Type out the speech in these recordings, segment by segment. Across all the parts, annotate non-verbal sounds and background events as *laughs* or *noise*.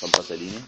kan fasali ne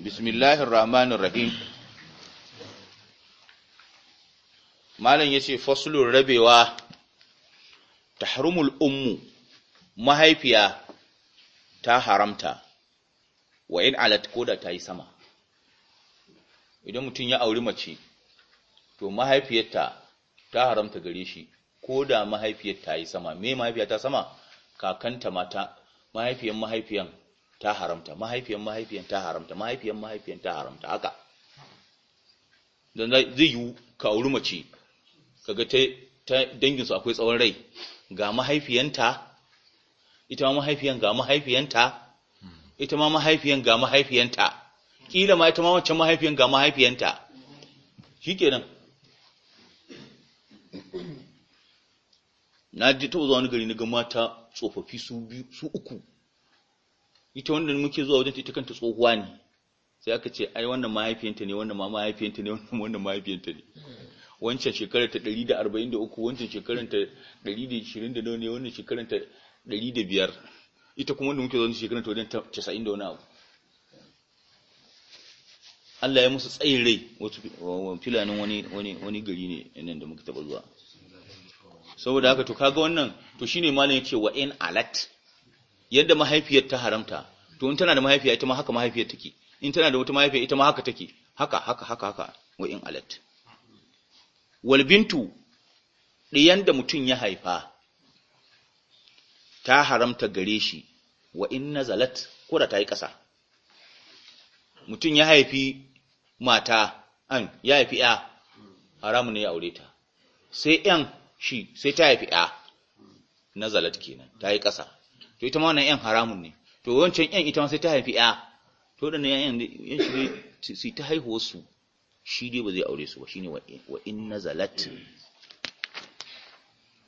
bismillahir rahmanir rahim malam yace faslul rabewa tahrumul ummu mahaifiya ta haramta wa in alat koda ta yi sama idan mutum ya auri mace to mahaifiyarta ta haramta gare shi koda mahaifiyar ta yi sama me mahaifiya ta sama kakanta mata mahaifiyan mahaifiyan ta haramta mahaifiyan mahaifiyan ta haramta mahaifiyan mahaifiyan ta haramta haka dan zai yi ka auri mace kaga ta dangin danginsu akwai tsawon rai ga mahaifiyanta ita ma mahaifiyan ga mahaifiyanta ita ma mahaifiyan ga mahaifiyanta Ƙila ma ita ma wancan mahaifiyan ga mahaifiyanta Shi nan. na ji taɓa zuwa wani gari na ga mata tsofaffi su biyu su uku ita wanda muke zuwa wajen ita kanta tsohuwa ne sai aka ce ai wannan mahaifiyanta ne wannan ma mahaifiyanta ne wannan wannan mahaifiyanta ne wancan shekarar ta 143 wancan shekarar ta 120 ne wannan shekarar ta 105 ita kuma wanda muke zo shekarar ta wajen casa'in da wani abu Allah ya musu tsayin rai wasu filanin wani wani wani gari ne nan da muka taba zuwa saboda haka to kaga wannan to ne malam ce, wa in alat yadda mahaifiyar ta haramta to in tana da mahaifiya ita ma haka mahaifiyar take in tana da wata mahaifiya ita ma haka take haka haka haka haka wa in alat wal bintu da mutum ya haifa ta haramta gare shi wa in nazalat ko da ta yi ƙasa mutum ya haifi mata an ya haifi ya haramu ne ya aure ta sai yan shi sai ta haifi ya nazalat kenan ta yi ƙasa to ita ma wannan yan haramun ne to wancan yan ita ma sai ta haifi ya to da yan yan shi sai ta haihuwa su shi dai ba zai aure su ba shine wa in nazalat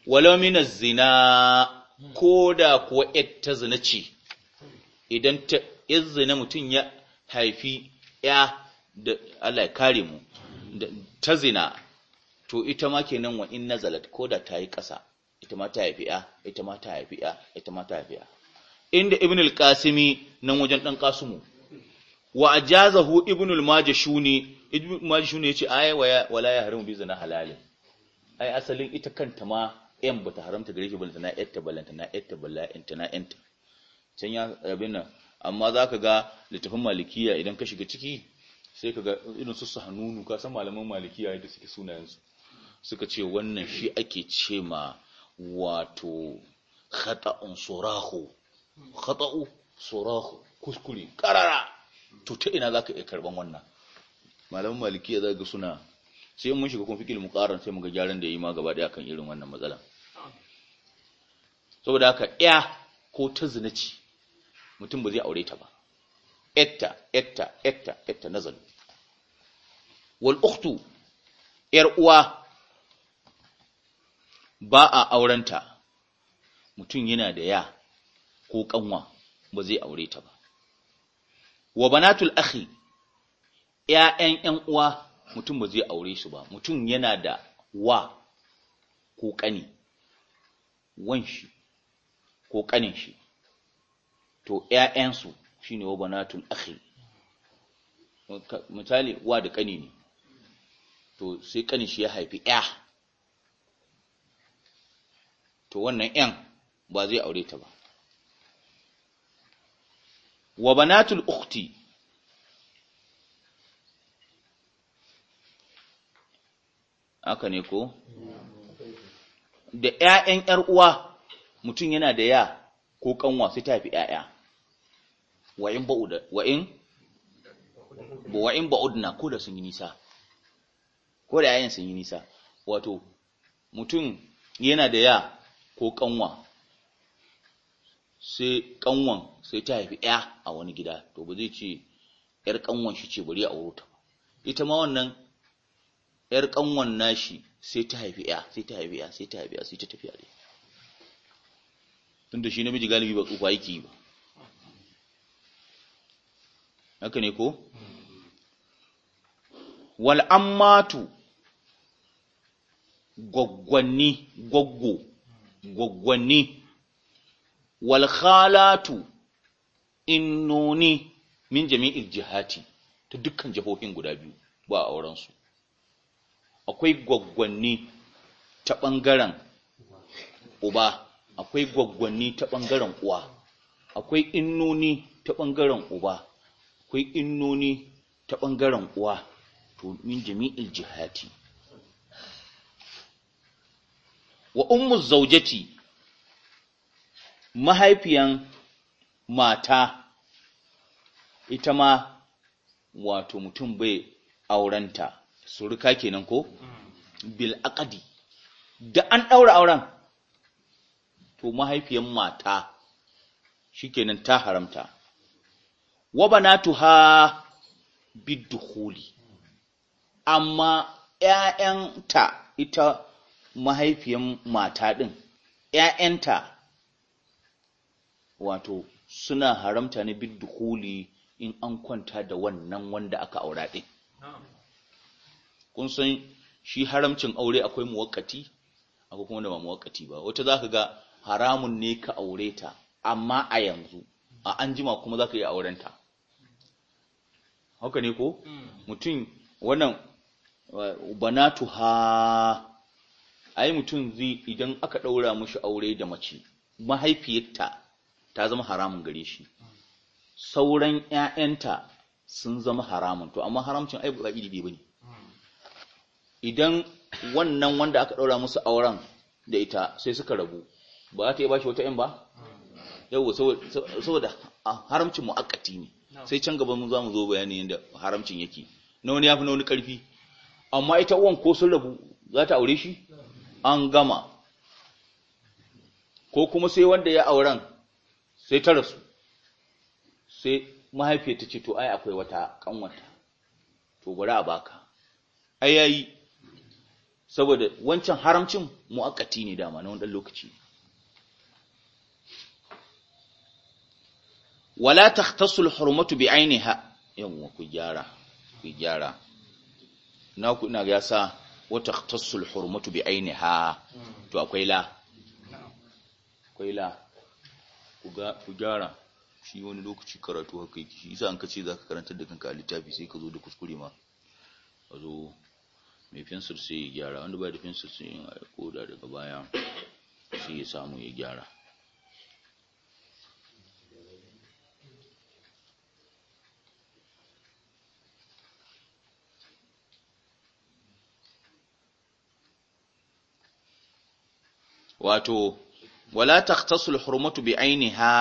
walau min zina ko da kuwa ta zina ce idan ta izina mutum ya haifi ya da Allah ya kare mu ta zina to ita ma kenan wa in nazalat koda ta yi ƙasa ita ma ta haifi ya ita ma ta haifi ya ita ma ta haifi ya inda ibn al-qasimi nan wajen dan qasimu wa ajazahu ibn al-majashuni ibn al-majashuni yace ay wala ya haramu bi zina halalin ai asalin ita kanta ma yan bata haramta gare shi balanta na yatta balanta na yatta balla inta na yanta can ya abin nan amma za ka ga littafin malikiya idan ka shiga ciki sai ka ga irin su sahanunu ka san malaman malikiya yadda suke sunayensu suka ce wannan shi ake ce ma wato khata'un surahu khata'u surahu kuskure karara to ta ina zaka iya karban wannan malaman malikiya za ga suna sai mun shiga kuma fikil muqarran sai mun ga gyaran da ya yi ma gaba daya kan irin wannan matsalan saboda haka ya ko ta zinaci mutum ba zai aure ta ba etta etta etta etta nazalu wal ukhtu yar uwa ba a aurenta mutum yana da ya ko kanwa ba zai aure ta ba wa banatul akhi ƴaƴan ƴan uwa mutum ba zai aure su ba mutum yana da wa ko kani wanshi ko kanin shi to ‘ya'yansu shi ne wa misali wa da ƙani ne to sai ƙani shi ya haifi ‘ya to wannan ‘yan ba zai aure ta ba wa banatul ukti haka ne ko da ‘ya'yan ‘yar'uwa mutum yana da ya ko ƙanwa sai ta haifi ‘ya'ya Wa'in ba'udna ko da sun yi nisa ko da yayin sun yi nisa wato mutum yana da ya ko kanwa sai kanwan sai ta haifi ya a wani gida to ba zai ce yar kanwan shi ce bari a wuta ita ma wannan ‘yar ƙanwan nashi sai ta haifi ‘ya, sai ta haifi ‘ya, sai ta haifi ‘ya, sai ta tafi Tun Tunda shi namiji galibi ba tsufa yake yi ba. haka ne ko wal ammatu gwaggwanni gwaggo gwaggwanni wal khalatu innoni min jami'il jihati ta dukkan jihohin guda biyu ba auren su akwai gwaggwanni ta bangaren uba akwai gwaggwanni ta ɓangaren uwa akwai innoni ta ɓangaren uba akwai innoni ta ɓangaren uwa to min jami'il jihati wa ummu zaujati mahaifiyan mata ita ma wato mutum bai aurenta suruka kenan ko bil aqdi da an daura auren to mahaifiyan mata shikenan ta haramta wa banatuha bidukhuli amma ‘ya'yanta ita mahaifiyan mata ɗin, ‘ya'yanta wato suna haramta ne bidukhuli in an kwanta da wannan wanda aka aura ɗin. Kun san shi haramcin aure akwai muwakkati, akwai kuma da ba muwakkati ba, wata za ka ga haramun ne ka aure ta, amma a yanzu, a an jima kuma za ka iya aurenta. haka ne ko hmm. mutum wannan eh, ha, ai mutum zai idan aka ɗaura mishi aure da mace mahaifiyarta ta zama haramun gare shi sauran 'ya'yanta sun zama haramun to amma haramcin ai ba iri bane hmm. idan wannan wanda aka ɗaura musu auren da ita sai suka rabu ba ta yi bashi wata ƴan ba hmm. yau saboda ah, haramcin mu'akkati ne sai can gaba mun za mu zo bayanin yadda haramcin yake na wani ya fi na wani ƙarfi amma ita uwan ko sun rabu za ta aure shi an gama ko kuma sai wanda ya auren sai ta rasu sai mahaifiyar ta ce to ai akwai wata kanwata to bari a baka ai yayi saboda wancan haramcin mu'akkati ne dama na wani lokaci wala takhtasul hurmatu bi ainiha yawwa ku gyara ku gyara na ku ina ga sa wa takhtasul hurmatu bi ainiha to akwai la akwai la ku ga ku gyara shi wani lokaci karatu haka yake shi yasa an kace zaka karanta da kanka a littafi sai ka zo da kuskure ma a zo mai fensir sai ya gyara wanda ba da fensir sai ya koda daga baya sai ya samu ya gyara wato wala takhtasul hurmatu bi ainiha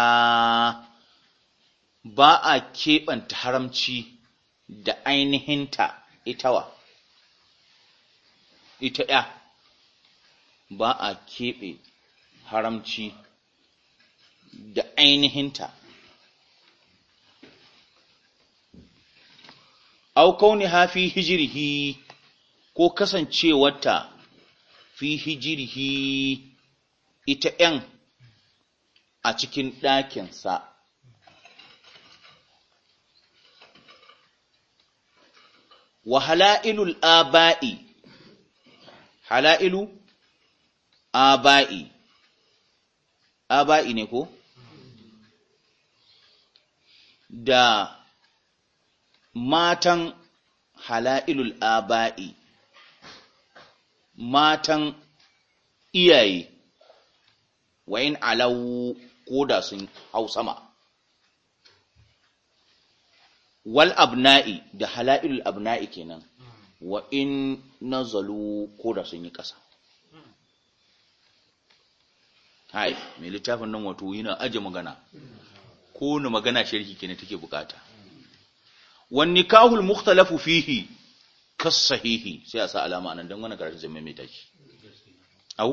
ba a kebanta haramci da ainihinta itawa ita ya ba a keɓe haramci da ainihinta au kauni fi hijirhi ko kasancewarta fi hijirhi ita ‘yan a cikin ɗakinsa. Wa hala'ilul aba'i, hala'ilu aba'i, aba'i ne ko? Da matan hala'ilul aba'i, matan iyaye wayin alawu ko da sun hau sama wal abna'i da hala'il abna'i kenan wa in nazalu ko da sun yi ƙasa hai mai littafin nan wato yana aje magana ko ni magana sharhi kenan take bukata wan nikahul mukhtalafu fihi kas sahihi sai a sa alama nan dan wannan karatu zai maimaita shi au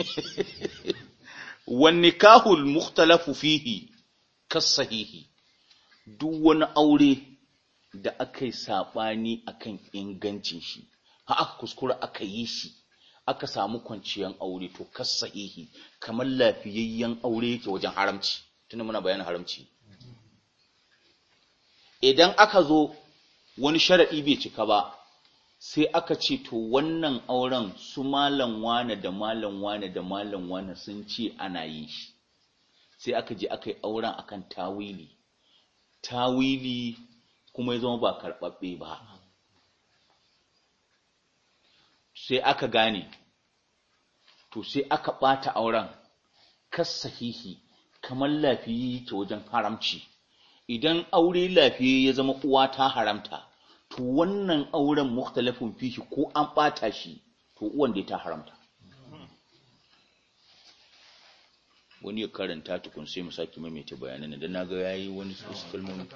*laughs* wannikahul mukhtalafu fihi kasahihi duk wani aure da aka yi saɓani akan ingancin shi ha aka kuskura aka yi shi aka samu kwanciyan aure to kasahihi kamar lafiyayyen aure yake wajen haramci tunda muna bayanin haramci idan aka zo wani sharaɗi bai cika ba sai aka ce to wannan auren su malam wane da malam wane da malam wane sun ce ana yi, shi sai aka je aka yi auren akan tawili tawili kuma ya zama ba karɓaɓɓe ba sai aka gane to sai aka ɓata auren kas sahihi kamar lafiya yake wajen haramci idan aure lafiya ya zama uwa ta haramta to wannan auren mukhtalafin fishi ko an ɓata shi to uwan da ta haramta wani ya karanta tukun sai mu saki maimaita bayanan da na ga yayi wani kalmomi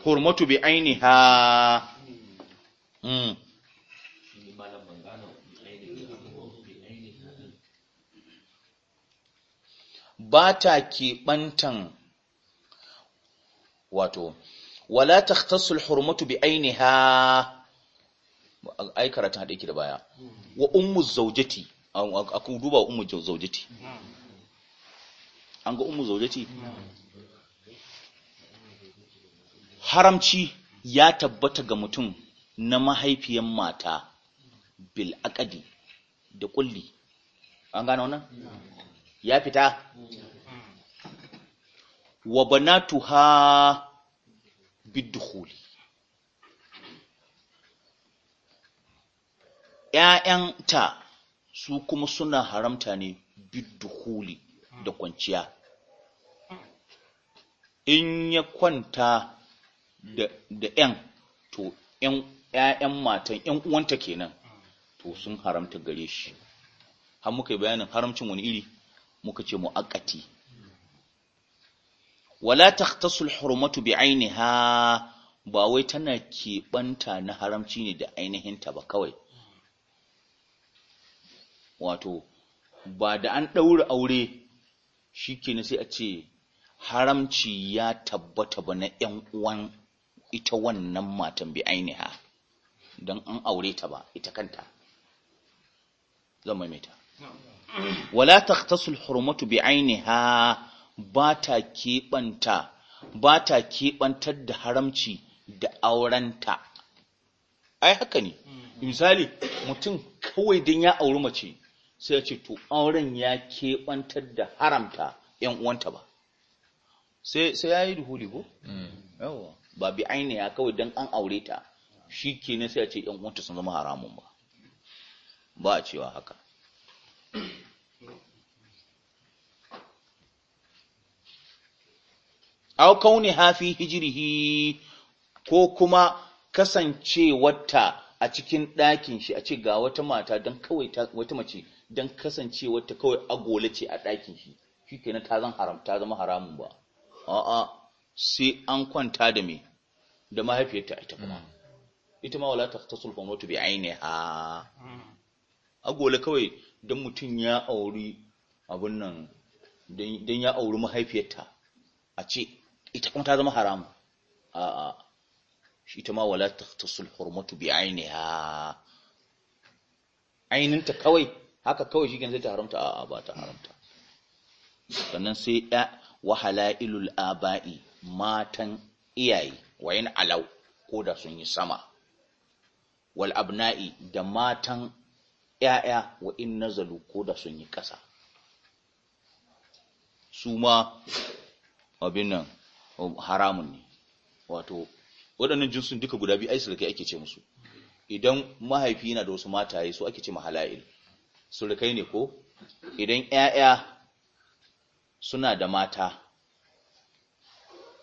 *laughs* hurmatu bi ainiha mm ba ta keɓantan wato wala takhtassul hurmatu bi ainiha ai karatun hada yake da baya wa ummu zawjati aku duba ummu zawjati an ga ummu zawjati haramci ya tabbata ga mutum na mahaifiyan mata bil aqdi da kulli an gano wannan ya fita wa banatu ha bidkhuli ‘ya'yanta su kuma suna haramta ne bidduhuli da kwanciya. In ya kwanta da ‘yan, to ‘ya'yan matan ‘yan uwanta kenan, to sun haramta gare shi. Har muka yi bayanin haramcin wani iri? muka ce mu'akati wala takhtasul hurmatu bi'ainiha ba wai tana keɓanta na haramci ne da ainihin ta ba kawai wato ba da an ɗaura aure shi ke sai a ce haramci ya tabbata ba na ‘yan uwan ita wannan matan bi ainiha dan an aure ta ba ita kanta zama mai ta wala taqtasul hurmatu bi ainiha ba ta keɓanta ba ta keɓantar da haramci da aurenta ai haka ne mm-hmm. misali mutum kawai don ya auri mace sai ya ce to auren ya keɓantar da haramta ‘yan uwanta ba sai ya yi da ko? Mm. ba bi aini kawai don an aure ta shi ke sai ya ce ‘yan uwanta sun zama haramun ba ba a cewa haka aw kauni hafi hijirihi ko kuma kasancewarta a cikin ɗakin shi a ce ga wata mata don kawai wata mace don kasancewarta kawai agola ce a ɗakin shi shi ke na ta zama haramun ba a'a sai an kwanta da me da mahaifiyarta ita kuma mm. ita ma wala taqtasul famatu bi ainiha agola kawai don mutum ya auri abun don ya auri mahaifiyarta a ce ita kuma ta zama haramu a'a shi ita ma wala ta taqtasul hurmatu bi ainiha ainihinta kawai haka kawai shi zai ta haramta a'a ba ta haramta sannan sai ya wahala ilul aba'i matan iyaye wayin alau ko da sun yi sama wal abna'i da matan ‘ya'ya wa in nazalu ko da sun yi ƙasa, su ma abin nan haramun ne wato waɗannan jinsun duka guda biyu ai sulukai ake ce musu idan mahaifi yana da wasu mataye su ake ce mahala'il sulukai ne ko idan 'ya'ya suna da mata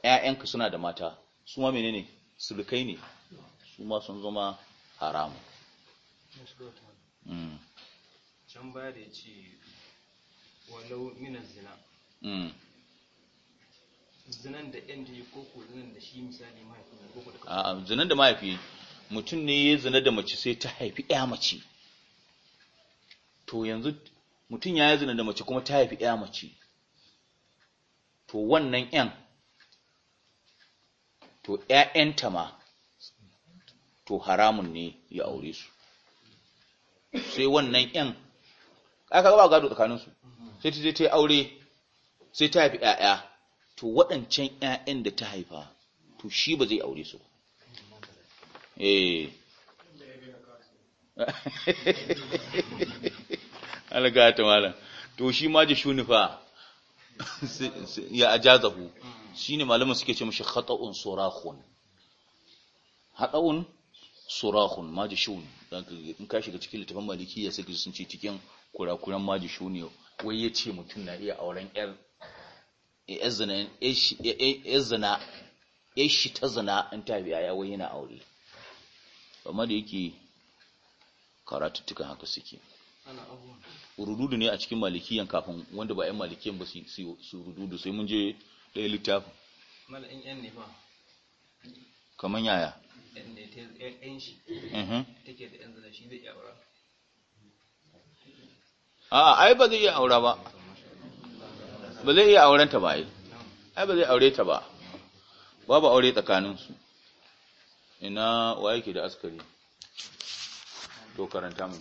ƴaƴanka suna da mata su ma menene sulukai ne su ma sun zama haramu mm. can ba da ce walau minan zina mm. zinan da ƴan da ya ko zinan da shi misali mahaifi ne koko da a'a zinan da mahaifi mutum ne ya zina da mace sai ta haifi ɗaya mace to yanzu mutum ya yi zina da mace kuma ta haifi ɗaya mace to wannan ƴan to ƴaƴanta ma to haramun ne ya aure su sai wannan ƴan aka ba gado tsakaninsu sai ta je ta yi aure sai ta haifi ƴaƴa to waɗancan ƴaƴan da ta haifa to shi ba zai aure su ba eh *laughs* alga ta malam to shi ma ji shunifa ya ajazahu shine malamin suke ce mishi haɗa'un surakun. hada'un surahun majishun in ka shiga cikin littafin ya sai sun ce cikin kurakuran ji shuni. wai ya ce mutum na iya auren yar zina yashi ta zina in ta biya ya wai yana aure amma da yake karatuttukan haka suke rududu ne a cikin malikiyan kafin wanda ba 'yan malikiyan ba su rududu sai mun je ɗaya littafin kamar yaya mhm. A'a, ai ba zai iya aura ba ba zai iya aurenta ba yi ai ba zai aure ta ba babu aure tsakaninsu ina wa yake da askari to karanta mu